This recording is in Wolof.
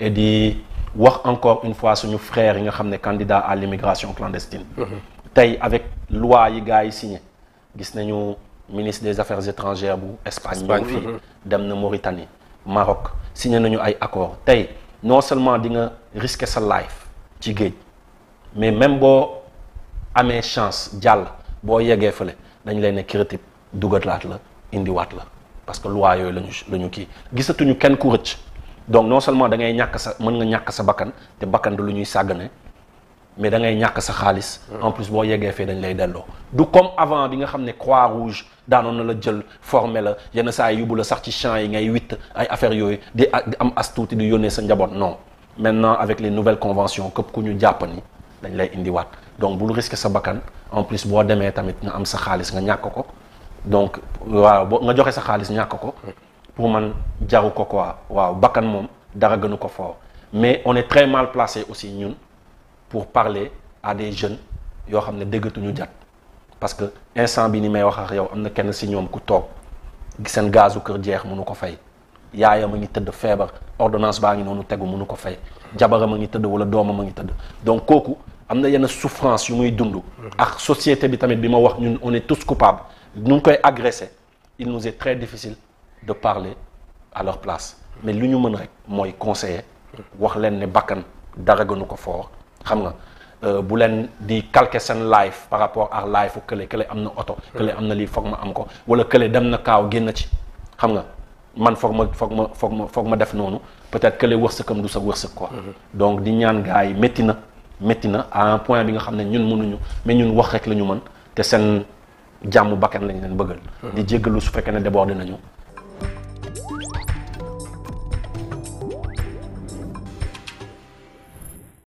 et di wax encore une fois suñu frère yi nga xam ne candidat à l'immigration clandestine mhm. tey avec loi yi gars yi signé gis nañu ministre des affaires étrangères bu Espagne ñëw fii mhm. dem na Mauritanie Maroc signé nañu ay accord tey non seulement di nga risquer sa life ci géej mais même boo amee chance jàll boo yeggee fële dañ lay ne critique dugatlaat la indiwaat la parce que loi yooyu lañu kii gisatuñu kenn ku rëcc donc non seulement da ngay ñàkk sa mën nga ñàkk sa bakkan te bakkan du lu ñuy sàggane mais da ngay ñàkk sa xaalis. Hmm. en plus boo yeggee fee dañ lay delloo. du comme avant bi nga xam ne croix rouge daanoon na la jël formé la yenn saa yóbbu la sax ci champs yi ngay witt ay affaires yooyu di am as tuuti di yónnee sa njaboot non maintenant avec les nouvelles conventions képp ku ñu jàpp ni dañ lay indiwaat donc bul risquer sa bakkan en plus boo demee tamit nga am sa xaalis nga ñàkk ko donc waaw boo nga joxe sa xaalis ñàkk ko. Hmm. pour man jaru ko quoi waaw bakkan moom dara gënu ko fort mais on est très mal placé aussi ñun pour parler à des jeunes yoo xam ne déggatuñu jat parce que instant bi ni may wax ak yow am na kenn si ñoom ku toog seen gazu kër jeex mënu ko fay yaayam a ngi tëdd feebar ordonnance baa ngi noonu tegu mënu ko fay jabaram a ngi tëdd wala doomam a ngi tëdd donc kooku am na yenn souffrance yu muy dund ak société bi tamit bi ma wax ñun on est tous coupables ñu ngi koy agressé il nous très difficile de parler à leur place mais lu ñu mën rek mooy conseiller wax leen ne bakkan dara gënu ko fort xam nga euh, bu leen di calquer seen life par rapport ak life u kële kële am na oto kële am na lii foog ma am ko wala kële dem na kaaw génn ci xam nga man foog ma foog ma foog ma foog ma def noonu peut-être kële wërsëgam du sa wërsëg ko mhm. donc di ñaan gars yi métti na métti na à un point bi nga xam ne ñun mënuñu mais ñun wax rek la ñu mën te seen jàmm bakkan lañ leen bëggal mhm. di jéggalu su fekkee ne débordé nañu